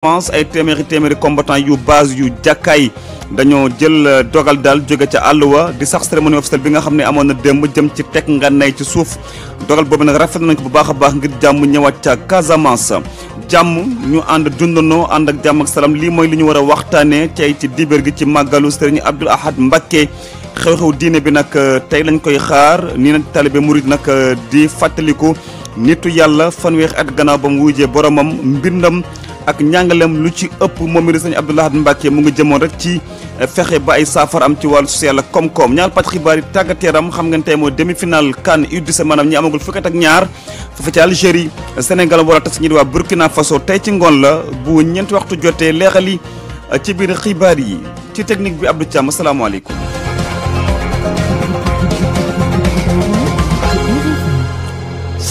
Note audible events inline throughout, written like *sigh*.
commence ay téeméeri téeméeri combattant yu baas yu jàkkaay dañoo jël euh, dogal daal jóge ca àll wa di sax cérémonie officielle bi nga xam ne amoon na démb jëm ci teg nga nay ci suuf dogal boobu nag rafet nañ ko bu baax a baax ngir jàmm ñëwaat ca Casamance jàmm ñu ànd dundanoo ànd ak jàmm ak salaam lii mooy li ñu war a waxtaanee tey ci dibéer gi ci màggalu Sëriñ Abdul Ahad Mbacké xew-xew diine bi nag euh, tey lañ koy xaar nii nag talibé murid nag euh, di fàttaliku nitu yàlla fanweeri at gannaaw ba mu wujjee boromam mbindam ak njàngalem lu ci ëpp moom it sëñ Abdou Lahad Mbacké mu ngi jëmoon rek ci fexe ba ay saafara am ci wàllu social la koom-koom ñaar pàcc xibaar yi tàggateeram xam ngeen tey mooy demi-finale kan U17 maanaam ñi amagul fukki ak ñaar foofu ci Algérie Sénégal war a tas ñi di waa Burkina Faso tey ci ngoon la bu ñeenti waxtu jotee leexali ci biir xibaar yi ci technique bi Abdou Thiam asalaamaaleykum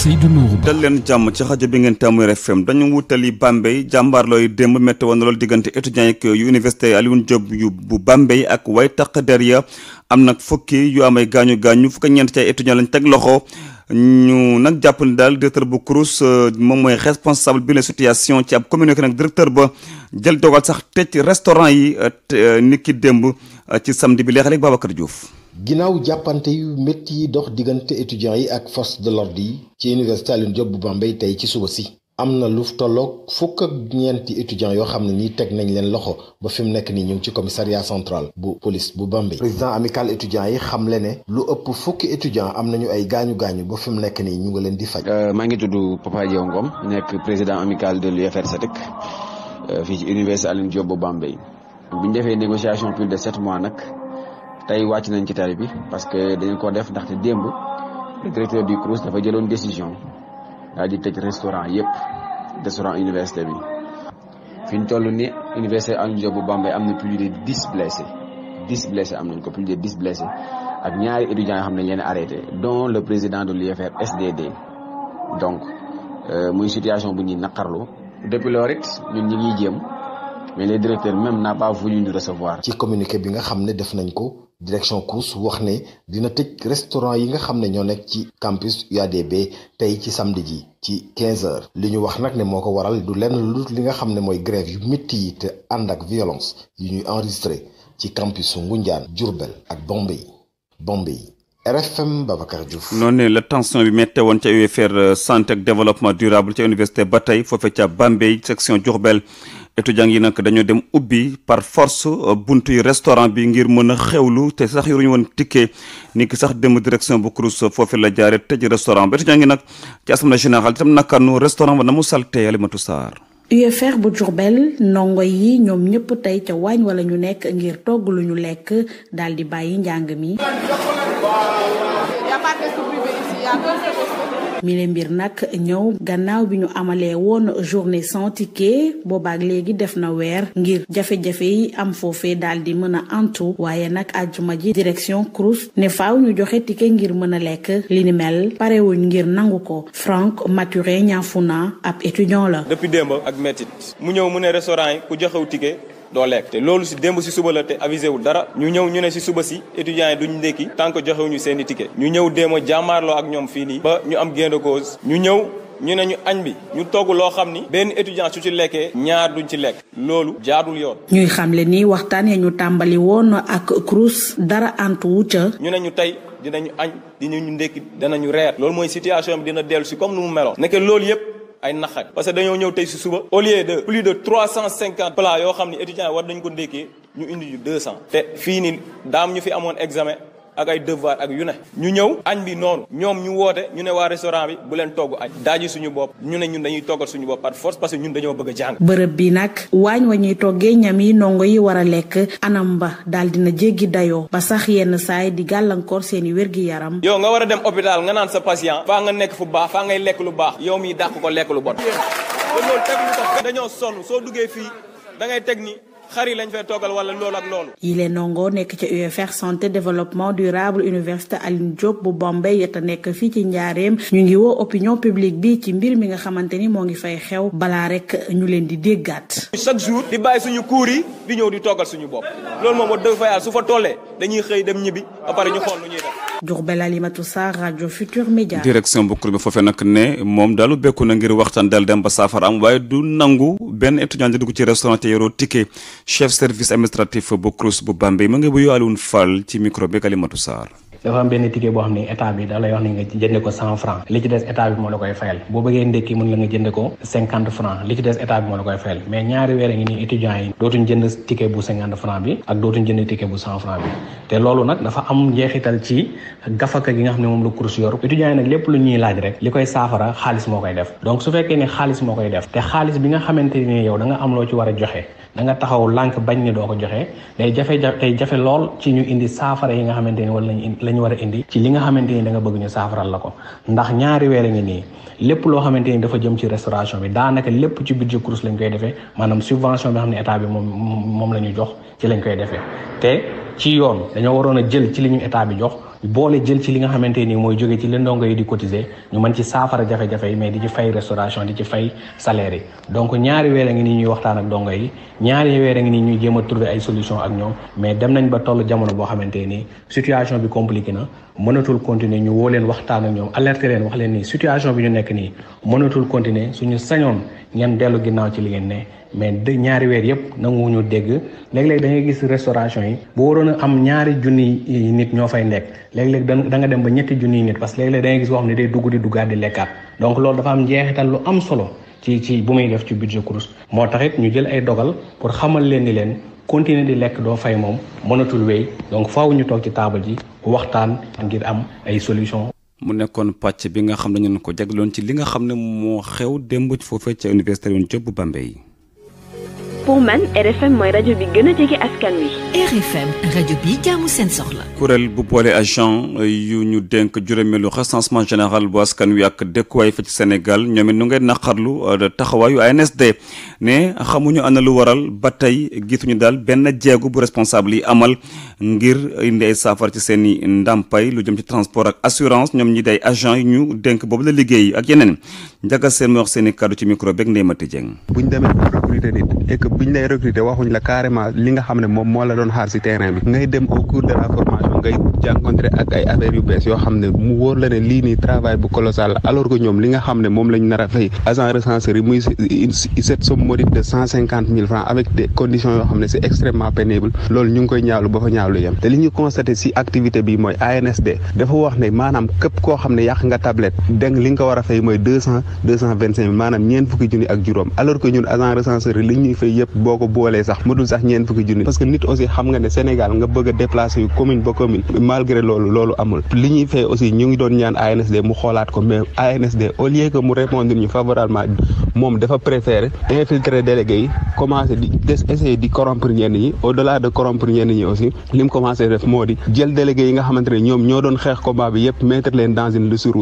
Seydou leen jàmm ci rajo bi ngeen tàmmu RFM dañu wutali Bambey jàmbaarlooy démb métti woon loolu diggante étudiants yi ak yu université Alioune Diop yu bu Bambey ak way taq der ya am nag fukki yu amee gaañu gaañu fukki ñeent ci ay étudiants lañ teg loxo ñu nag jàpp ne daal directeur bu CROUS euh, moom mooy responsable bi la situation ci ab communiqué nag directeur ba jël dogal sax tëj restaurant yi euh, euh, niki démb ci samedi bi leexaleeg Babacar Diouf ginnaaw jàppante yu métti yi dox diggante étudiants yi ak force de l'ordre yi ci université Alioune Diop bu Bambey tey ci suba si am na lu tolloog fukk ak ñeenti étudiants yoo xam ne nii teg nañ leen loxo ba fi mu nekk nii ñu ngi ci commissariat central bu police bu Bambey président amical étudiants yi xam le ne lu ëpp fukki étudiants am nañu ay gaañu gaañu ba fi mu nekk nii ñu ngi leen di faj. Euh, maa ngi tudd Papa Diaw Ngom nekk président amical de l'UFR SATEC euh, fii ci université Alioune Diop bu Bambey bu ñu defee négociation plus de sept mois nag. tey wàcc nañ ci tali bi parce que dañ ko def ndaxte démb directeur du CROUS dafa jëloon décision daal di tëj restaurant yëpp restaurant université bi fi ñu toll ni université Anta Diop bu Bambey am na plus de dix am nañ ko plus de dix ak ñaari étudiants yoo xam ne leen arrêté dont le président de l'UFR SDD donc euh, muy situation bu ñuy naqarloo depuis loolu it ñun ñi ngi jéem mais le directeur même n'a pas ñu nous recevoir. ci communiqué bi nga xam ne def nañ ko. direction COUS wax ne dina tëj restaurant yi nga xam ne ñoo nekk ci campus UADB tey ci samedi ji ci 15 li ñu wax nag ne moo ko waral du lenn lu li nga xam ne mooy grève yu métti yi te ànd ak violence yu ñuy enregistré ci campus su Ngoundiane Diourbel ak Bombay Bombay RFM Babacar noon noonu la tension bi méttee woon ca UFR euh, santé ak développement durable ca université ba tey foofee ca Bambey section Diourbel. étudiants yi nag dañoo dem ubbi par force euh, buntu yi restaurant bi ngir mën a xewlu te sax yoruñu woon ticket ni ki sax dem direction bu Crous foofu la jaare tëj restaurant bi étudiants yi nag ci assemblée générale itam nakanu restaurant ba na mu salte Alimatu Sarr UFR bu Diourbel ndongo yi ñoom ñëpp tey ca waañ wala ñu nekk ngir togg lu ñu lekk daal di bàyyi njàng mi mile mbir nag ñëw gannaaw bi ñu amalee woon journée sans ticket boobaak léegi def na weer ngir jafe-jafe yi am foofee daal di mën a antu waaye nag àjjuma ji direction CROUS ne faw ñu joxe ticket ngir mën a lekk li ni mel parewuñ ngir nangu ko Franck Maturé Niafuna ab étudiant la. depuis démb ak métit mu ñëw mu restaurant yi ku joxew ticket doo lekk te loolu si démb si suba la te avisé wul dara ñu ñëw ñu ne si suba si étudiants yi duñ ndékki tant que joxewuñu seen i ticket ñu ñëw démb jàmmaarloo ak ñoom fii nii ba ñu am gain de ñu ñëw ñu ne ñu añ bi ñu togg loo xam ni benn étudiant su ci lekkee ñaar duñ ci lekk loolu jaadul yoon. ñuy xamle ni waxtaan ya ñu tàmbali woon ak Crous dara ant wu ca. ñu ne ñu tey dinañu añ ñu ndékki danañu reer loolu mooy situation bi dina dellu si comme nu mu meloon. nekk loolu yëpp. ay naxaat parce que dañoo ñëw tey si suba au lieu de plus de trois cent cinquante plats yoo xam ne étudiants war nañ ko ndékkee ñu indi ñu cent te fii nii daam ñu fi amoon examen ak ay devoir ak yu ne ñu ñëw añ bi noonu ñoom ñu woote ñu ne waa restaurant bi bu leen togg añ daaji suñu bopp ñu ne ñun dañuy toggal suñu bopp par force parce que ñun dañoo bëgg a jàng bërëb bi nag waañ wa toggee ñam yi ndongo yi war a lekk anam ba daal dina jéggi dayoo ba sax yenn saay di gàllankoor seen i wér gi yaram yow nga war a dem hôpital nga naan sa patient faa nga nekk fu baax faa ngay lekk lu baax yow mi dàq ko lekk lu bon dañoo sonn xar yi lañ fay toogal wala lool ak loolu. yile ndongo nekk ci UFR santé développement durable université Alioune Diop bu Bombay yeta nekk fii ci njaareem ñu ngi woo opinion publique bi ci mbir mi nga xamante ni moo ngi fay xew balaa rek ñu leen di déggaat. chaque jour di bàyyi suñu cours yi di ñëw di toogal suñu bopp loolu moom wax dëgg su fa tollee dañuy xëy dem ñibbi ba pare ñu xool lu ñuy def. Diourbel Alimatou Sarr rajo Futur Média. direction bu kuréel bi foofee nag ne moom daal bekku na ngir waxtaan dal dem ba saafara am du nangu benn étudiant di dugg ci restaurant te yoroo ticket. chef service administratif bu CROUS bu Bambey ma nga bu yowaalewoon Fall ci micro bi Kalimatu Sarr dafa am benn ticket boo xam ne nga ne moom la course yor étudiants yi nag lépp lu ñuy laaj rek li koy saafara xaalis moo koy def donc su fekkee ne xaalis moo koy def te xaalis bi nga xamante ne yow da nga am loo ci war a joxe da nga taxaw lànk bañ ni doo ko joxee day jafe jafe lool ci ñu indi saafara yi nga xamante ni wala la ñu war a indi ci li nga xamante ni da nga bëgg ñu saafaral la ko ndax ñaari weer a ngi nii lépp loo xamante ni dafa jëm ci restauration bi daanaka lépp ci budget course lañ koy defe maanaam subvention bi nga xam ne état bi moom moom la jox ci lañ koy defee te ci yoon dañoo waroon a jël ci li ñu état bi jox boole jël ci li nga xamante ni mooy jóge ci leen ndongo yi di cotiser ñu mën ci saafara jafe-jafe yi mais di ci fay restauration di ci fay salaire yi donc ñaari weer a ngi nii ñuy waxtaan ak dongo yi ñaari weer a ngi nii ñuy jéem a trouver ay solution ak ñoom mais dem nañ ba toll jamono boo xamante ni situation bi compliqué na mënatul continuer ñu woo leen waxtaan ak ñoom alerter leen wax leen ni situation bi ñu nekk nii mënatul continuer suñu sañoon ngeen dellu ginnaaw ci li ngeen ne mais de ñaari weer yëpp ñu dégg léeg-léeg da ngay gis restauration yi bu waroon a am ñaari junni nit ñoo fay nekk léeg-léeg da nga dem ba ñetti junniy nit parce que léeg-léeg da gis wax ne day dugg di duggaat di lekkaat donc loolu dafa am njeexital lu am solo ci ci bu muy def ci budget course moo taxit ñu jël ay dogal pour xamal leen ni leen continuer di lekk doo fay moom mënatul wéy donc faaw ñu toog ci taabal ji waxtaan ngir am ay solutions mu nekkoon pàcc bi nga xam ne ñu ko jagloon ci li nga xam ne moo xew démb foofee ca université Cheikh Anta Diop bu Bambey pour man kuréel bu boole agent yu ñu dénk juróomeelu recensement général bu askan wi ak dëkkuwaay fa ci Sénégal ñoom it nu ngay naqarlu euh, taxawaayu ANSD ne xamuñu am na lu waral ba tey gisuñu daal benn jéego bu responsable yi amal ngir indi ay saafara ci seen i ndàmpaay lu jëm ci transport ak assurance ñoom ñi day agent yi ñu dénk boobu la liggéey ak yeneen njaga seen wax seen i kàddu ci micro beeg Ndeye Mate biñ lay recruter waxuñ la carrément li nga xam ne moom moo doon xaar si terrain bi ngay dem au cours de la formation ngay jànkontre ak ay bees yoo xam ne mu wóor la ne lii nii travail bu colossal alors que ñoom li nga xam ne moom lañ nar a fay agent recenseur yi muy cette somme modique de mille francs avec des conditions yoo xam ne c'est extrêmement pénible loolu ñu koy ñaawlu ba fa ñaawlu yem te li ñu constaté si activité bi mooy ANSD dafa wax ne maanaam a yëpp boo ko boolee sax mu dul sax ñeent fukki junni parce que nit aussi xam nga ne Sénégal nga bëgg déplacer yu commune ba commune malgré loolu loolu amul li ñuy fay aussi ñu ngi doon ñaan ANSD mu xoolaat ko mais ANSD au lieu mu répondre ñu favorablement moom dafa préféré infiltrer délégué yi commencé di des essayer di aussi li mu def moo di jël délégué yi nga xamante ñoom ñoo doon xeex combat bi yëpp mettre leen dans une liste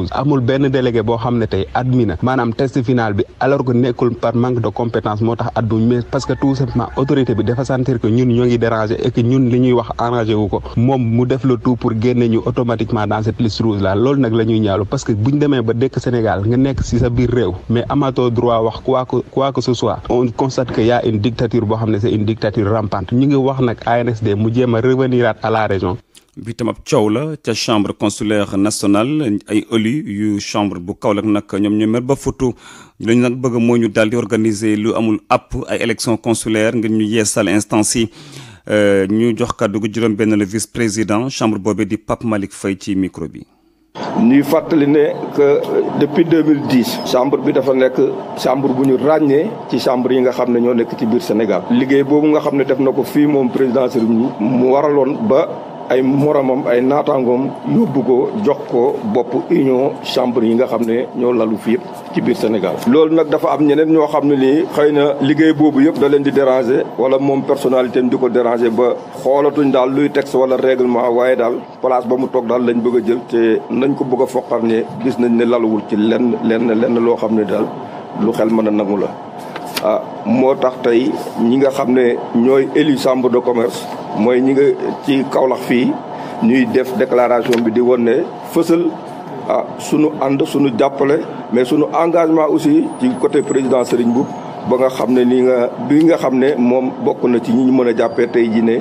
que tout simplement autorité bi dafa sentir que ñun ñoo ngi déranger et ñun li ñuy wax arrangé wu ko moom mu def le tout pour génne ñu automatiquement dans cette liste rouge là nag la ñuy ñaalu parce que buñ demee ba dëkk Sénégal nga nekk si sa biir réew mais amatoo droit wax quoi que quoi que ce soit on constate que y a boo xam ne c'est une dictature rampante ñu ngi wax nag ANSD mu jéem a revenir à la région bi tam ab coow la ca chambre consulaire nationale ay élu yu chambre bu Kaolack nag ñoom ñu mer ba futu la ñu nag bëgg mooy ñu daal di organiser lu amul app ay élection consulaire ngir ñu yeesal instance yi euh, ñu jox kaddu gu juróom benn la vice président chambre boobee di pap Malick fay ci micro bi ñuy fàttali ne que depuis 2010 chambre bi dafa nekk chambre bu ñu ràññee ci chambre yi nga xam ne ñoo nekk ci biir Sénégal liggéey boobu nga xam ne def na ko fii moom président mu waraloon ba ay moromam ay naataangoom yóbbu ko jox ko bopp union chambre yi nga xam ne ñoo lalu fi yëpp ci biir Sénégal. loolu nag dafa am ñeneen ñoo xam ne nii xëy na liggéey boobu yëpp da leen di déranger wala moom personnalité am di ko déranger ba xoolatuñ daal luy texte wala règlement waaye daal place ba mu toog daal lañ bëgg a jël te nañ ko bëgg a foqar ne gis nañ ne laluwul ci lenn lenn lenn loo xam ne daal lu xel mën a nangu la. ah moo tax tey ñi nga xam ne ñooy élu sembre de commerce mooy ñi nga ci Kaolack fii ñuy def déclaration bi di won ne fësal ah sunu ànd sunu jàppale mais sunu engagement aussi ci côté président Serigne Mboup ba nga xam ne ni nga bi nga xam ne moom bokk na ci ñi ñu mën a jàppee tey jii ne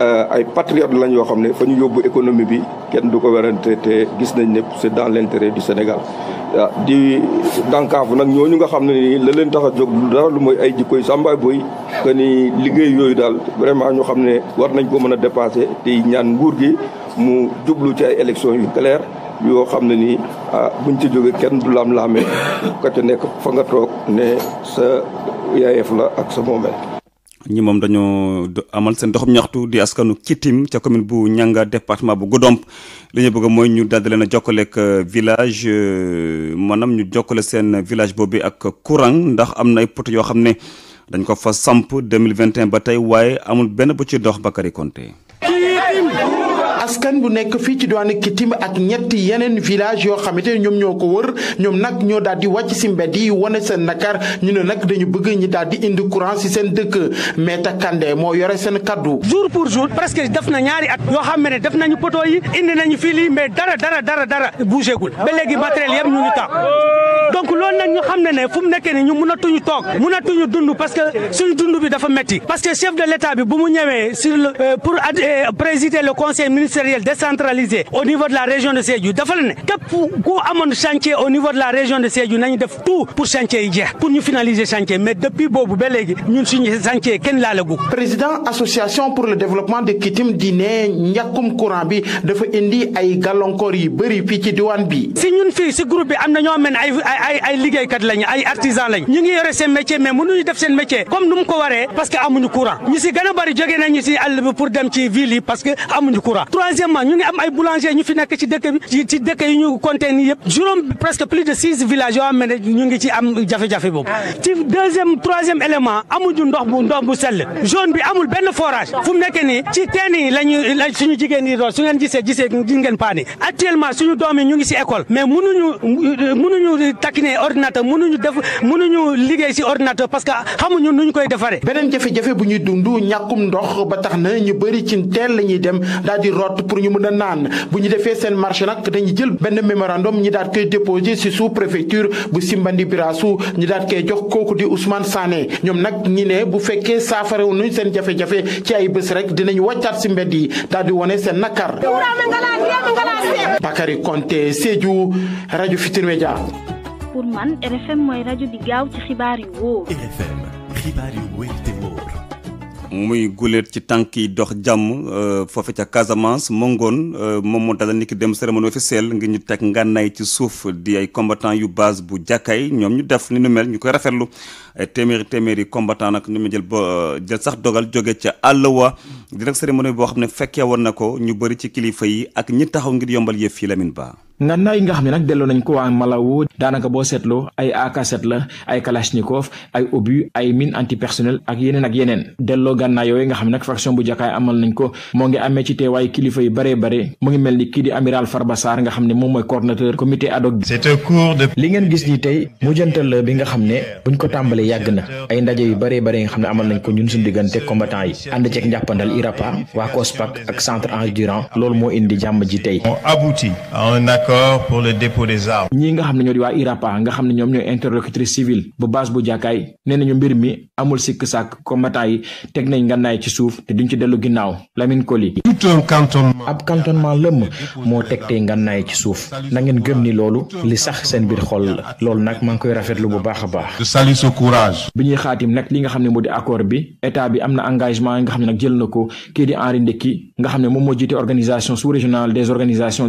ah, ay patriote lañ yoo xam ne fa ñu yóbbu économie bi kenn du ko werante te gis nañ ne c'est dans l'intérêt du Sénégal waaw ah, di dànkaafu nag ñooñu nga xam ne ni la leen tax a jóg dara lu mooy ay jikkoy sàmbaay boy que ni liggéey yooyu daal vraiment ñu xam ne war nañ ko mën a dépasser te ñaan nguur gi mu jublu ci ay élections yu claires yoo xam ne nii ah buñ ci jógee kenn du laam-laamee ka ca nekk fa nga toog ne sa yayeef la ak sa moomeel ñi moom dañoo amal seen doxum ñaxtu di askanu Kitim ca commune bu Ñanga département bu Goudomp li ñu bëgg mooy ñu daal leen a jokkaleeg euh, village euh, maanaam ñu jokkale seen village boobu ak courant ndax am na ay poto yoo xam ne dañ ko fa samp 2021 ba tey waaye amul benn bu ci dox Bakary Konté askan bu nekk fii ci diwaanu Kitim ak ñetti yeneen village yoo xamante ne ñoom ñoo ko wër ñoom nag ñoo daal di wàcc si mbedd yi wane seen nakar ñu ne nag dañu bëgg ñu daal di indi courant seen dëkk Maître Kandé moo yore seen kaddu. jour pour jour presque def na ñaari at yoo xam ne def nañu poto yi indi nañu fii lii mais dara dara dara dara bougé gul ba léegi matériel yëpp ñu ngi donc loolu nag xam ne ne fu mu nekkee ni ñu mënatuñu toog mënatuñu dund parce que suñu dund bi dafa metti parce que chef de l'État bi bu mu ñëwee sur le euh, euh, le conseil ministériel décentralisé au niveau la région de Sédhiou dafa la ne képp ku amoon chantier au niveau de la région de Sédhiou nañu def tout pour chantier yi jeex pour ñu finaliser chantier mais depuis boobu ba léegi ñun suñu chantier kenn laalagu président association pour le développement de Kitim di ne ñàkkum courant bi dafa indi ay gàllankoor yi bëri fii ci diwaan bi ay ay liggéeykat lañ ay artisan lañ ñu ngi yore seen métier mais mënuñu def seen métier ko waree parce que amuñu courant ñu si gën a nañu si àll bi pour dem ci ville ñu ngi ci jafe-jafe boobu ah ci deuxième troisième élément amuñu ndox bu sell zone bi amul benn forage fu mu nekk nii ci teen yi lañu la suñu jigéen yi doon su ngeen gisee gisee gis suñu ngi si école mais mënuñu mënuñu ne ordinateur mënuñu def mënuñu liggéey si ordinateur parce que xamuñu nuñ koy defaree. beneen jafe-jafe bu ñuy dund ñàkkum ndox ba tax na ñu bëri ci teel la ñuy dem daal di root pour ñu mën a naan bu ñu defee seen marché nag dañu jël benn mémorandum ñi daal koy déposé si sous préfecture bu Simbandi Birasu ñi daal koy jox kooku di Ousmane Sané ñoom nag ñi ne bu fekkee saafara wuñu seen jafe-jafe ci ay bés rek dinañ wàccaat si mbedd yi daal di wone seen nakar Bakary Konté Sédhiou rajo Futurs Médias pour man RFM mooy rajo bi gaaw ci xibaar yu wóor. muy guléet ci tànk yi dox jàmm euh, foofe ca Casamance mongoon euh, moom moo dala niki dem cérémonie officielle ngir ñu teg ngànnaay ci suuf di ay combattant yu baas bu jàkkaay ñoom ñu def ni nu mel ñu koy rafetlu ay téeméeri téeméeri combattant nag ñu mu jël ba euh, jël sax dogal jóge ca àll wa di nag cérémonie boo xam ne fekkee woon na ko ñu bari ci kilifa yi ak ñi taxaw ngir yombal yëf yi Ba ngànnaay yi nga xam ne nag delloo nañ ko waa Malawi daanaka boo seetloo ay AK-7 ay kalachnikov ay obus ay mine antipersonnel ak yeneen ak yeneen delloo gànnaay yooyu nga xam ne nag faction bu jakaay amal nañ ko moo ngi amee ci teewaayu kilifa yu bare bare mu ngi mel ni kii di amiral Farba Sarr nga xam ne moom mooy coordonnateur comité ad hoc li ngeen gis ni tey mujjantal la bi nga xam ne buñ ko tàmbalee yàgg na ay ndaje yu bare bare nga xam ne amal nañ ko ñun suñ diggante combattant yi ànd ceeg njàppandal IRAPA waa COSPAC ak centre endurant loolu moo indi jàmm ji tey d'accord pour le dépôt des armes. ñii nga xam ne ñoo di waa IRAPA nga xam ne ñoom ñooy interlocutrice civile bu base bu jàkkaay nee nañu mbir mi amul sikk sàkk combattant yi teg nañ ngànnaay ci suuf te duñ ci dellu ginnaaw Lamine Koli. tout un cantonnement ab cantonnement lëmm moo teg tey ngànnaay ci suuf na ngeen gëm ni loolu li sax seen biir xol la loolu nag maa ngi koy rafetlu bu baax a baax. je salue ce bi ñuy xaatim nag li nga xam ne moo di accord bi état bi am na engagement nga xam ne nag jël na ko kii di Henri Ndeki nga xam ne moom moo jiite organisation sous-régionale des organisations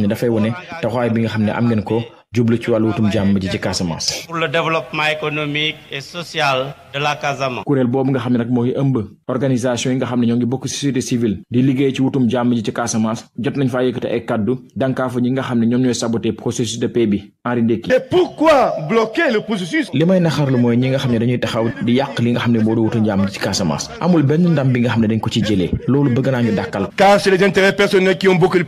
xam ne dafay wone taxawaay bi nga xam ne am ngeen ko jublu ci wàllu wutum jàmm ji ci Casamance. pour boobu nga xam ne nag mooy ëmb organisation nga xam ne ñoom ñooy saboter processus de paix bi Henri Ndéki. et pourquoi bloquer mooy ñi nga xam ne dañuy taxaw di yàq li nga xam ne moo di wutum jàmm ci Casamance amul benn ndam bi nga xam ne dañ ko ci jëlee loolu bëgg naa ñu dàkkal. car c'est les intérêts personnels qui ont bloqué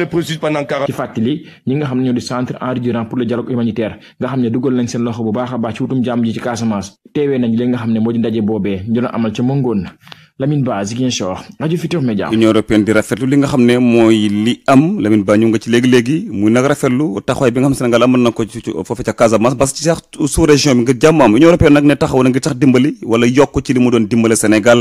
le processus pendant ci fàttali ñi nga xam ne ñoo di centre Henri Iran pour le dialogue humanitaire nga xam ne dugal nañ seen loxo bu baax a baax ci wutum jàmm ji ci Casamance teewee nañ li nga xam ne mooy li am Lamine Ba ñu nga ci léegi-léegi muy nag rafetlu taxawaay bi nga xam Sénégal amoon na ko foofu ca Casamance parce sous région bi nga jàmm am Union européenne nag ne taxaw na ngir sax dimbali wala yokk ci li mu doon dimbale Sénégal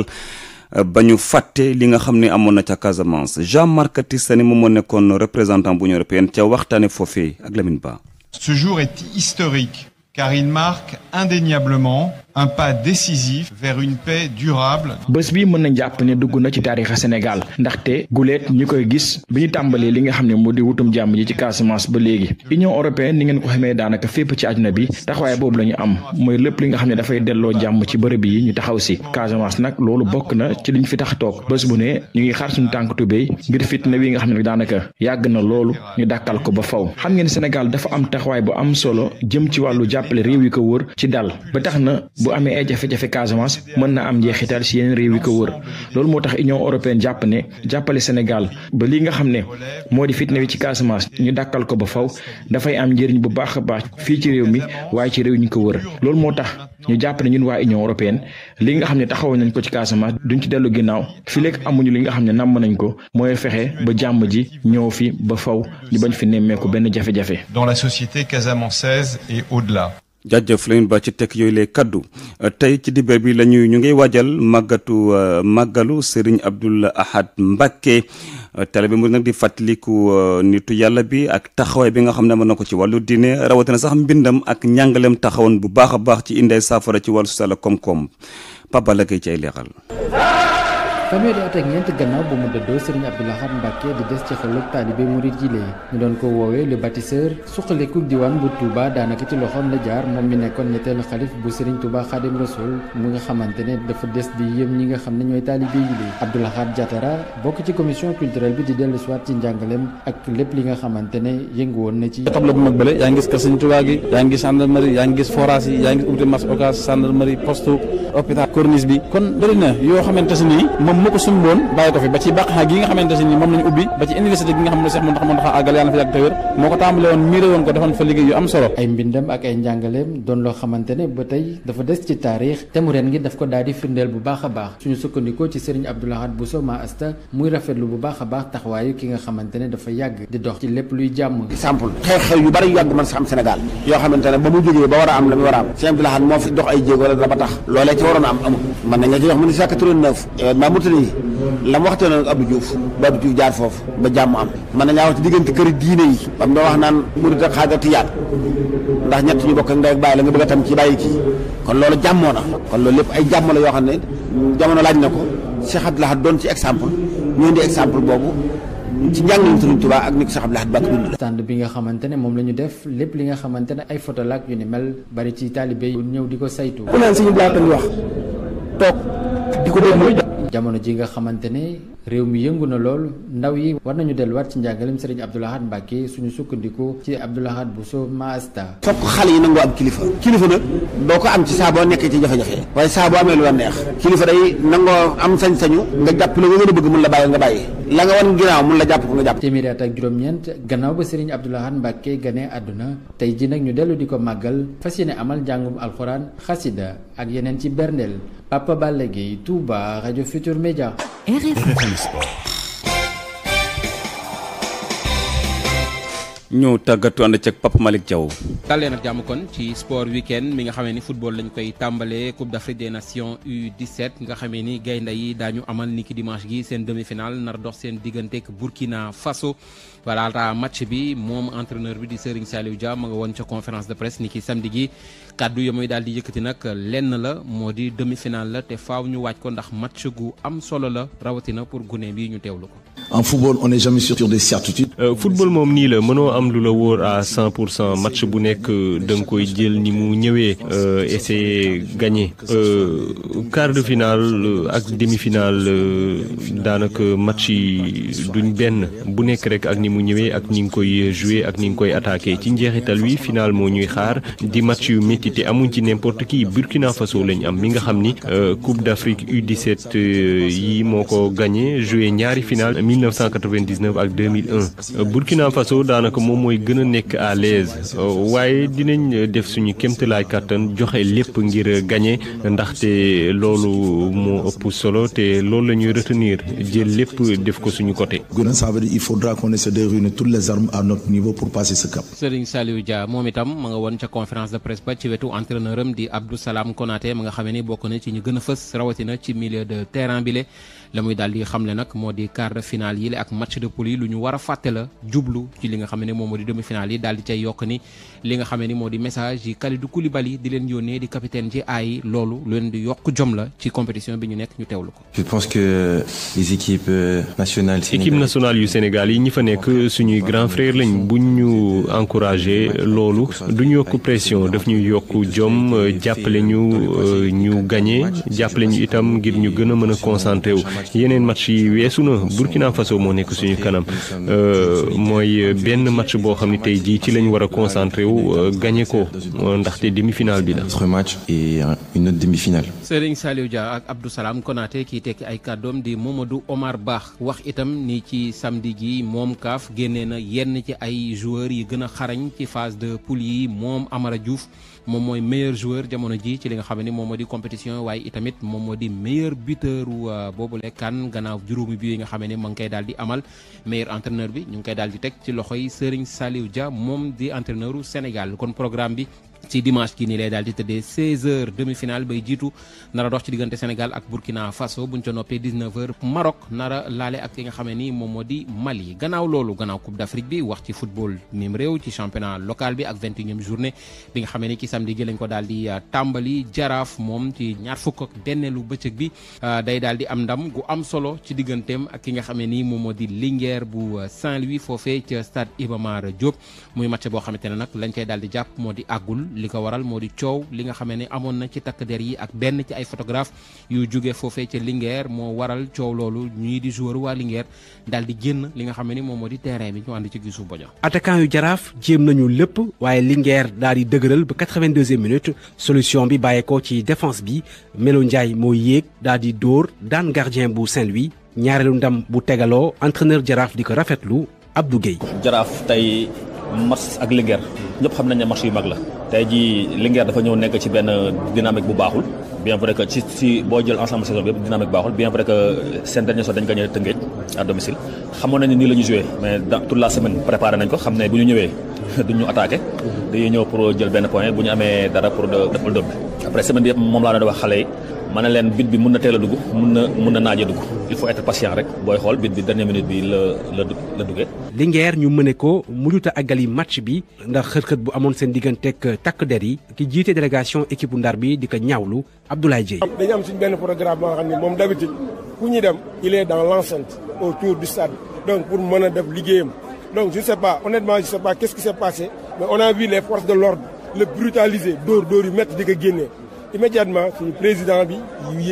ba ñu fàtte li nga xam ne amoon na ca Casamance Jean-Marc Tissane moom moo nekkoon représentant bu Union européenne ca waxtaane foofee ak Lamine Ba. Ce jour est historique. car il marque indéniablement un pas décisif vers une paix durable. bés bii mën na jàpp ne dugg na ci taarixa Sénégal ndaxte guleet ñu koy gis bi ñu tàmbalee li nga xam ne moo di wutum jàmm ji ci Casamance ba léegi Union européenne ni ngeen ko xamee daanaka fépp ci àdduna bi taxawaay boobu la ñu am mooy lépp li nga xam ne dafay delloo jàmm ci bërëb yi ñu taxaw si Casamance nag loolu bokk na ci li ñu fi tax toog bés bu ne ñu ngi xaar suñu tànk tubéy ngir fitna wi nga xam ne daanaka yàgg na loolu ñu dàkkal ko ba faw jàppale réew yi ko wër ci dal ba tax na bu amee ay jafe-jafe Casamance mën na am njeexital si yeneen réew yi ko wër loolu moo tax Union européenne jàpp ne jàppale Sénégal ba li nga xam ne moo di fitna wi ci Casamance ñu dàkkal ko ba faw dafay am njëriñ bu baax a baax fii ci réew mi waaye ci réew ñu ko wër loolu moo tax ñu jàpp ne ñun waa Union européenne li nga xam ne taxawoon nañ ko ci Casamance duñ ci dellu ginnaaw fi léegi amuñu li nga xam ne namm nañ ko mooy fexe ba jàmm ji ñëw fi ba faw ñu bañ fi nemmeeku benn jafe-jafe. jaajëf Lamine Ba ci tekk yooyu lee kaddu euh, tey ci dibeer bi la ñuy ñu ngi waajal màggatu euh, màggalu Serigne Abdoul Ahad Mbacké euh, tele bi mu nag di fàttaliku nitu yàlla bi ak taxawaay bi nga xam ne mën na ko ci wàllu diine rawatina sax mbindam ak njàngaleem taxawoon bu baax a baax ci indee saafara ci wàllu sala koom-koom Papa la koy cay leexal fanweeri at ak ñeent gannaaw bu mu dëddoo Serigne Abdou Lahad di des ci xolub taalibe murid yi lee ñu doon ko woowee le bâtisseur suqaliku diwaan bu Touba daanaka ci loxoom la jaar moom mi nekkoon ñetteelu xalif bu Serigne Touba Khadim Rasoul mu nga xamante ne dafa des di yëm ñi nga xam ne ñooy taalibe yi lee Abdou Lahad bokk ci commission culturelle bi di dellu siwaat ci njàngaleem ak lépp li nga xamante ne yëngu woon na ci tableau bu moom moo ko sumb woon bàyyi ko fi ba ci bàqa gi nga xamante moom lañu ubbi ba ci université gi nga xam moo ko tàmbale woon miiré woon ko defal fa liggéey yu am solo ay mbindam ak ay njàngaleem doon loo xamante ba tey dafa des ci taarix te mu ren ngi daf ko daal firndeel bu baax a baax suñu sukkandikoo ci Serigne Abdou Lahad Bousso Ma Asta muy rafetlu bu baax a baax taxawaayu ki nga xamante ne dafa yàgg di dox ci lépp luy jàmm exemple xew sa ba a am la a wuutale yi la mu waxte noon Abdou Diouf ba Abdou Diouf jaar foofu ba jàmm am man na wax ci diggante këri diine yi am doon wax naan murit ak xaadir tiyaat ndax ñett bokk ak ndey la nga bëgg a tam ci bàyyi kii kon loolu jàmmoo na lépp ay jàmm la yoo xam ne jamono laaj na ko Cheikh Abdou doon ci exemple ñoo di exemple boobu ci njàngale Sëriñ Tuubaa ak ni ko Cheikh ba Lahad Mbacké dund la stand bi nga xamante ne moom la ñu def lépp li nga xamante ne ay photo laak yu ni mel bari ci taalibe yi ñëw di ko saytu ku naan Sëriñ Abdou Lahad dañuy wax toog di ko déglu jamono ji nga xamante ne réew mi yëngu na lool ndaw yi war nañu delluwaat ci njàngaleem Serigne Abdou Lahad Mbacké suñu sukkandiku ci Abdou Lahad Bousso Maasta fokk xale yi nangoo am kilifa kilifa nag boo ko am ci saaboo boo nekkee ci jafe-jafe waaye saa boo amee lu la neex kilifa day nangoo am sañ-sañu nga jàpp la nga gën a bëgg mun la bàyyi nga bàyyi la nga wan ginnaaw mun la jàpp fu nga jàpp. téeméeri at ak juróom-ñeent gannaaw ba Serigne Abdou Lahad Mbacké gane àdduna tey ji ñu dellu di ko màggal fas yéene amal njàngum alxuraan xasida ak yeneen ci berndeel Papa tuuba Gueye Touba rajo Futur Media. RFM Sport. ñu tàggatu ànd ceeg Papa Malick Diaw. dalee nag jàmm kon ci sport weekend mi nga xamee ni football lañ koy tàmbalee Coupe d'Afrique des Nations u nga xamee ni gaynde yi daañu amal niki dimanche gi seen demi-finale nar dox seen digganteeg Burkina Faso. voilà ta match bi moom entraîneur bi di Serigne Saliou Dia ma nga woon ca conférence de presse niki samedi gi kàddu yi mooy di yëkkati nag lenn la moo di demi-finale la te faaw ñu waaj ko ndax match gu am solo la rawatina pour gune bi ñu teewlu ko. am lu la wóor à 100 pour cent match bu nekk da nga koy jël ni mu ñëwee et c'est gagné quart de finale euh, ak demi-finale euh, daanaka match yi duñ benn bu nekk rek ak ni mu ñëwee ak ni nga koy joué ak ni nga koy attaqué ci njeexital wi final moo ñuy xaar di match yu métti te amuñ ci n'importe qui Burkina Faso lañ am mi nga xam ni euh, Coupe d'Afrique U17 yi moo ko gagné joué ñaari final 1999 ak 2001 Burkina Faso daanaka moo moom mooy gën a nekk à l'aise euh, waaye dinañ def suñu kéemtalaay kàttan joxe lépp ngir gagné ndaxte loolu moo ëpp solo te lool la ñuy retenir jël lépp def ko suñu côté. gën a ça veut dire il moom itam ma nga woon ca conférence de presse ba ci wetu entraîneur am di Abdou Salam Konaté ma nga xam ne bokk na ci ñu gën a fës rawatina ci milieu de terrain bile. la muy daal di xamle nag moo di quart de finale yi la ak match de poule lu ñu war fàtte la jublu li nga xam ne moom moo di demi finale yi daal di cay yokk ni li nga xam ne moo di message yi Kalidou Koulibaly di leen yónnee di capitaine ci ay loolu lu leen di yokk jom la ci compétition bi ñu nekk ñu teewlu ko. je pense que les équipes euh, nationales. équipe nationale yu Sénégal yi ñi fa nekk suñuy grand frère lañ bu ñu encouragé loolu du ñu yokk pression daf ñuy yokk jom euh, jàppale ñu euh, ñu gagné jàppale ñu itam ngir ñu gën a mën a concentré wu. yeneen match yi weesu na Burkina Faso moo nekk suñu kanam euh, mooy benn match boo xam ne tey jii ci lañ war a concentré wu euh, gagné ko euh, ndaxte demi-finale bi la. une autre demi-finale. Dia ak Abdou Salam Konaté kii tekki ay kàddoom di Mamadou Omar baax wax itam ni ci samdi gi moom kaaf génnee na yenn ci ay joueurs yi gën a xarañ ci phase de poule yi moom Amara Diouf. moom mooy meilleur joueur jamono ji ci li nga xam ne moom moo di compétition waaye itamit moom moo di meilleur buteur euh, boobu le kan gannaaw juróomi bi yi nga xam ne ma ngi koy daal di amal meilleur entraîneur bi ñu ngi koy daal di teg ci loxoy Serigne Saliou Dia moom di entraîneur u Sénégal kon programme bi ci dimanche kii nii lay daal di tëddee 16 demi-finale bay jiitu nara dox ci diggante Sénégal ak Burkina Faso buñ ca noppee 19h Maroc nara laale ak ki nga xam ne moom moo di Mali gannaaw loolu gannaaw Coupe d'Afrique bi wax ci football mim réew ci championnat local bi ak 21e journée bi nga xam ni ci samedi gi lañ ko daal di euh, tàmbali jaraaf moom ci ñaar fukk ak benneelu bëccëg bi euh, day daal am ndam gu am solo ci digganteem ak ki nga xam ne nii moom moo di bu euh, Saint-Louis foofee ca stade Iba Mar Diop muy match boo xamante ne nag li ko waral moo di coow li nga xamee ne amoon na ci takk der yi ak benn ci ay photographe yu jóge foofee ca Linguère moo waral coow loolu ñii di joueur waa Linguère daal di génn li nga xam ne moom moo di terrain bi ñu ànd ci gisu bojo attaquant yu jaraaf jéem nañu lépp waaye Linguère daal di dëgëral ba 82e minute solution bi bàyyeekoo ci défense bi Melo Ndiaye moo yéeg daal di dóor daan gardien bu Saint-Louis ñaareelu ndam bu tegaloo entraîneur jaraaf di ko rafetlu Abdou Gueye. jaraaf tey mas ak Linguère. ñëpp xam nañ ne match yu mag la tey jii Linguère dafa ñëw nekk ci benn dynamique bu baaxul bien vrai que ci ci boo jël ensemble saison bi yëpp dynamique baaxul bien vrai que seen dernier saison dañ gagné Tëngéej à domicile xamoon nañ nii la ñu mais dans la semaine préparé nañ ko xam ne bu ñu ñëwee *laughs* duñ ñu dañuy ñëw pour jël benn point bu ñu amee dara pour defal dëbb après semaine bi yëpp moom laa doon wax xale yi ma ne leen bit bi mun na teel a dugg mun xët-xët bu amoon seen digganteeg euh, takk der yi ki jiite délégation équipe bu ndar bi di ko ñaawlu Abdoulaye Dieye. dañu am suñ benn xam ne moom d'habitude ku ñuy dem il est dans l'enceinte autour du stade pour mën a def liggéeyam donc je ne sais pas honnêtement je ne sais pas qu'est-ce qui s'est passé mais on a vu les forces de l'ordre le brutaliser dóor dóor yu métti di ko génnee immédiatement suñu président bi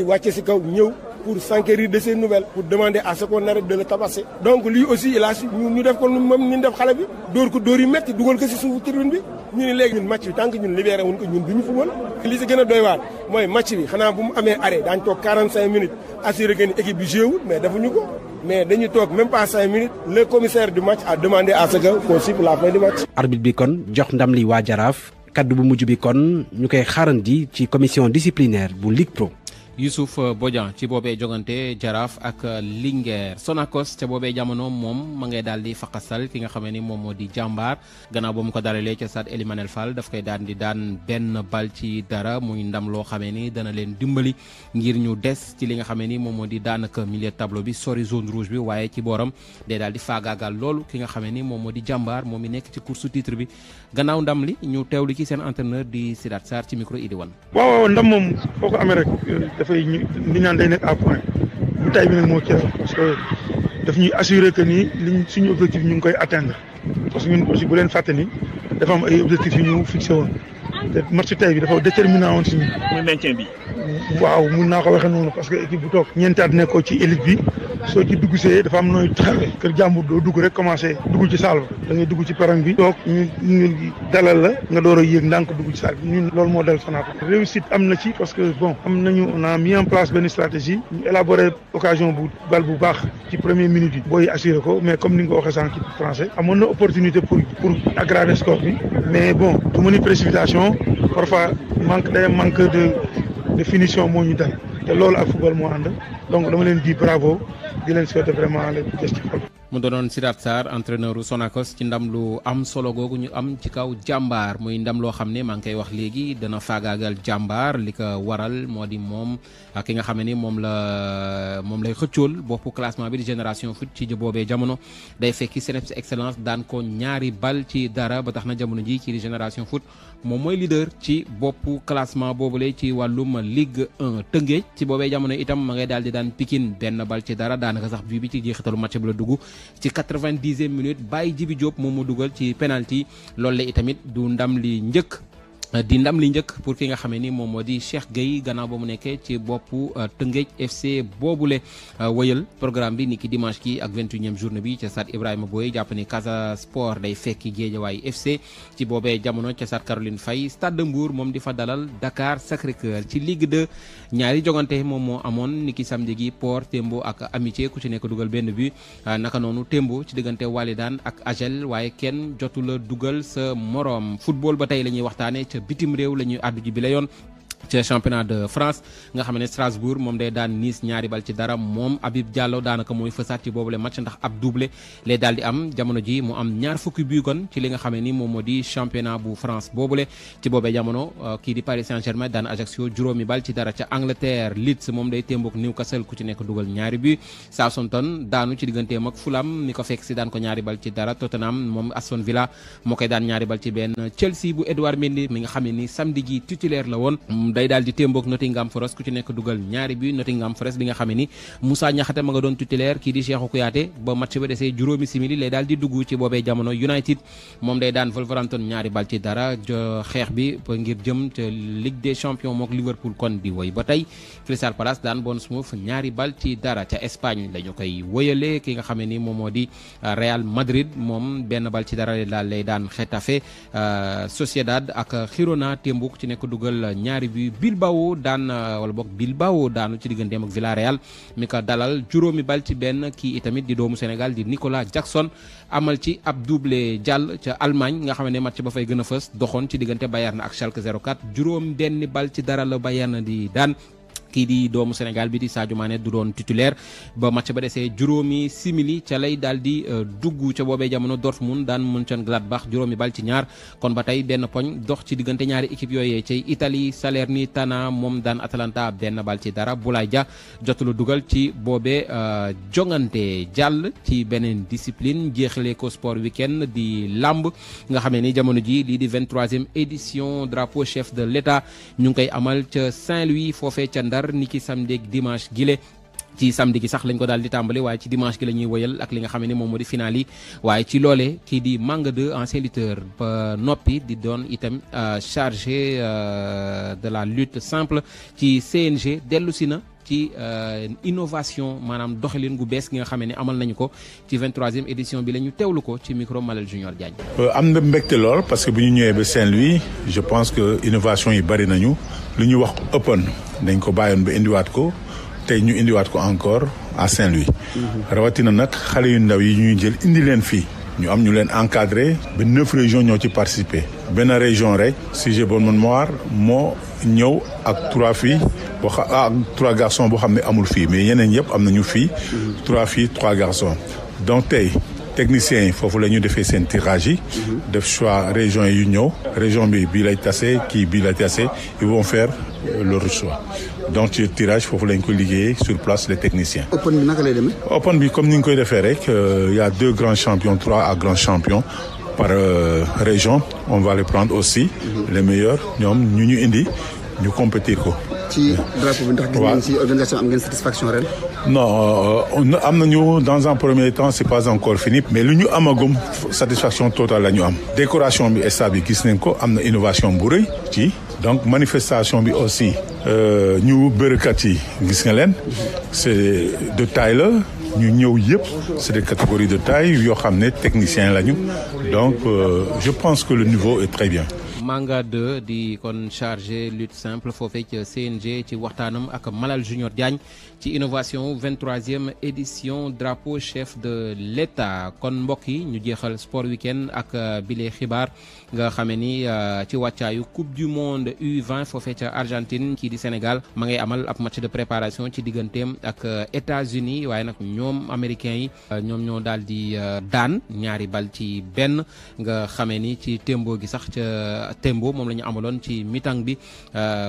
wàcce si kaw ñëw. pour s'enquérir de nuvel nouvelles pour demander à ce qu'on arrête de le tabasser donc lui aussi il a su ñu def ko moom ñu def xale bi dóor ko dóor yu dugal ko si suufu bi ñu ne léegi ñun match bi tant que ñun ko ñun duñu football li si gën a doy waar mooy match bi xanaa bu mu amee arrêt daañ toog 45 minutes assuré que ni équipe bi jéewul mais defuñu ko mais dañu toog même pas 5 minutes le commissaire du match a demandé à ce que qu'on siffle la fin du match bi kon jox ndam waa Jaraaf kaddu bu mujj bi kon ñu koy xaarandi ci commission disciplinaire bu Ligue Youssouf euh, Bodian ci boobee jogante Jaraaf ak euh, Linguère Sonacos ca boobee jamono moom ma ngay daal di faqasal ki nga xamee ni moom moo di jàmbaar gannaaw ba mu ko dalalee ca stade Ely Manel Fall daf koy daan di daan benn bal dara muy ndam loo xamee ni dana leen dimbali ngir ñu des ci li nga xamee ni moom moo di daanaka milieu tableau bi sori zone rouge bi waaye ci booram day daal di faagaagal loolu ki nga xamee ni moom moo di jàmbaar moom mi nekk ci course titre bi gannaaw ndam li ñu teew teewlu ci seen entraîneur di Sidaat Sarr ci micro Idi Wan. waaw ndam moom foo dafay ñu li naan day nekk à point tay bi nag moo ci parce que daf ñuy assurer que ni liñ suñu objectif ñu ngi koy atteindre parce que ñun aussi bu leen fàtte ni dafa am ay objectifs yu ñu fixé woon te match tay bi dafa déterminant woon si ñun. muy maintien bi. waaw mun naa ko waxee noonu parce que équipe bu toog ñeenti at nekkoo ci élite bi soo ci dugg see dafa am nooy taxawee kër jàmbur doo dugg rek commencé dugg ci salle ba da dugg ci perron bi toog ñu ñu dalal la nga door a yéeg ndànk dugg ci salle bi ñun loolu moo dal Sonatel réussite am na ci parce que bon am na ñu a mis en place benn stratégie ñu élaboré occasion bu bal bu baax ci premier minute yi booy assuré ko mais comme ni nga ko waxee sànq ci français amoon na opportunité pour pour aggraver score bi mais bon du ma ni précipitation parfois manque day manque de moo ñu dal te loolu ak football moo ànd donc dama leen di bravo di leen ci xol. mu doonoon Sidath Sarr entraîneur u ci ndam lu am solo googu ñu am ci kaw jàmbaar muy ndam loo xam ne maa ngi koy wax léegi dana faagaagal jàmbaar li ko waral moo di moom ak ki nga xam ne ni moom la moom lay xëccool boppu classement bi di génération foot ci boobee jamono day fekki CNEPS excellence daan ko ñaari bal ci dara ba tax na jamono ji ci di génération foot. moom mooy leader ci boppu classement boobule ci wàllum Ligue 1 Tëngéej ci boobee jamono itam ma ngay daal di daan Pikine benn bal ci dara daanaka sax bii bi ci jeexitalu match bu la dugg ci 90e minute bàyyi Jibi Diop moom ma dugal ci penalti loolu la itamit du ndam li njëkk. di ndam li njëkk pour ki nga xamee ni moom moo di Cheikh Gueye gannaaw ba mu nekkee ci boppu euh, Tëngéej FC boobule euh, wëyal programme bi ni ki dimanche ki ak 21e journée bi ca stade Ibrahima Boye jàpp ni Casa Sport day fekki Guédiawaye FC ci boobee jamono ca stade Caroline Faye stade de Mbour moom di fa dalal dakaar sacré ci Ligue de ñaari jogante moom moo amoon ni ki samedi gi Port Tembo ak Amitié ku ci nekk dugal benn bi euh, naka noonu Tembo ci diggante Walidane ak Agel waaye kenn jotu la dugal sa moroom football bitim réew la ñuy àddu ji bi la yoon ci championnat de France nga xam ne Strasbourg moom daanaka mooy fësaat ci boobule match ndax ab doublé lay daal am jamono ji mu am ñaar fukki bii kon ci li nga xam ni moom moo di championnat bu France boobule. ci boobee jamono euh, kii di Paris Saint-Germain daan Ajaccio juróomi bal ci dara ca Angleterre Leeds moom day témboog Newcastle ku ci nekk dugal ñaari bi Southampton daanu ci digganteem ak Fulham ni ko fekk si daan ko ñaari bal ci dara day daal di témboog Nottingham Forest ku ci nekk dugal ñaari bi Nottingham Forest bi nga xamee ni Moussa Niakhaté ma nga doon titulaire kii di Cheikhou Kouyaté ba match ba desee juróomi simili lay daal di dugg ci boobee jamono United moom day daan Wolverhampton ñaari bal ci dara xeex bi ngir jëm ca Ligue des champions mook Liverpool kon di woy ba tey Crystal Palace daan Bournemouth ñaari bal ci dara ca Espagne la koy woyale ki nga xamee ni moom moo di euh, Real moom benn bal ci dara daal lay daan Getafe euh, Sociedad ak Girona témboog ci nekk dugal ñaari bi bi Bilbao daan euh, wala boog Bilbao daanu ci digganteem ak Villarreal mi ko dalal juróomi bal ci benn kii itamit di doomu Sénégal di Nicolas Jackson amal ci ab doublé jàll ca Allemagne nga xam ne match ba fay gën a fës doxoon ci diggante Bayern ak Schalke 04 juróom benni bal ci dara la Bayern di daan. kii di doomu Sénégal bi di Sadio Mané du doon titulaire ba match ba desee juróomi simili ca lay daal di euh, dugg ca boobee jamono Dortmund daan Mönchengladbach juróomi bal ci ñaar kon ba tey benn poñ dox ci diggante ñaari équipe yooyee ci Italie Salernitana moom daan Atalanta benn bal ci dara Boulaye Dia jotulu dugal ci boobee euh, jongante jàll ci beneen discipline jeexalee ko sport weekend di làmb nga xamee ni jamono ji lii di 23e édition drapeau chef Dakar niki samedi ak dimanche gile ci samedi gi sax lañ ko daal di tàmbali waaye ci dimanche gi la ñuy woyal ak li nga xam ne moom moo di final yi waaye ci loolee kii di Manga 2 ancien lutteur ba noppi di doon itam euh, chargé euh, de la lutte simple ci CNG dellu si na ci euh, innovation maanaam doxalin gu bees gi nga xamee ne amal nañu ko ci 23e édition bi lañu ñu teewlu ko ci micro Malal Junior Diagne. Euh, am na mbégte lool parce que bu ñu ñëwee ba Saint-Louis je pense que innovation yi bari nañu lu ñu wax open dañ ko bàyyi ba indiwaat ko te ñu indiwaat ko encore à Saint-Louis. Mhm. rawatina nag xale yu ndaw yi ñuy jël indi leen fii. ñu am ñu leen encadré ba neuf régions ñoo ci participé benn région rek sige j'ai bonne mémoire moo ñëw ak trois filles wax ah, ak trois garçons boo xam ne amul fii mais yeneen yëpp am nañu fii mm-hmm. trois filles trois garçons donc tey techniciens yi foofu la ñu defee seen tirage def choix région yu ñëw région bi bii lay tase kii bii lay tase ils vont faire euh, leur choix donc ci tirage foofu lañ ko liggéeyee sur place les techniciens. open bi naka lay demee. open bi comme ni ñu koy defee rek euh, y a deux grands champions trois à grands champions par euh, région on va les prendre aussi. Mm -hmm. les meilleurs ñoom ñu ñu indi ñu compétir ko. ci drapeau bi ndax gis ngeen am ngeen satisfaction euh, nañu dans en premier temps c'est pas encore fini mais lu ñu amagum satisfaction totale la ñu am décoration bi stade bi gis nañ ko am na innovation bu ci donc manifestation bi aussi euh, ñu bërëkat yi gis nga leen c'est de taille la ñu ñëw yëpp c'est des catégories de taille yoo xam ne technicien lañu donc euh, je pense que le niveau est très bien. Manga de di kon chargé lutte simple foofee ca CNG ci waxtaanam ak Malal Junior Diagne. ci innovation 23e édition drapeau chef de l'État kon mbokk yi ñu jeexal sport week-end ak euh, bile xibaar nga xamee ni euh, ci wàccaayu coupe du monde U20 ca Argentine kii di Sénégal ma ngay amal ab match de préparation ci digganteem ak euh, États-Unis waaye nag ñoom américain yi ñoom ñoo daal di daan ñaari bal ci benn nga xamee ni ci tembo gi sax ca tembo moom la ñu amaloon ci mi bi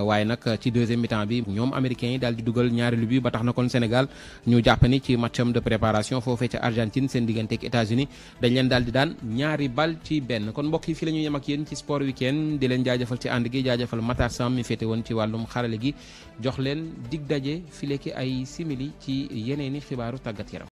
waaye nag ci deuxième mi bi ñoom américains yi daal di dugal ñaari lu bi tax na kon Sénégal ñu jàpp ni ci matcham de préparation foofee ca Argentine seen diggante ak États-Unis dañ leen daal di daan ñaari bal ci benn kon mbokk yi fi la ñu yem ak yéen ci sport weekend di leen jaajëfal ci ànd gi jaajëfal Matar Sam mi féete woon ci wàllum xarale gi jox leen dig daje fi lekki ay simili ci yeneeni xibaaru tàggat yaram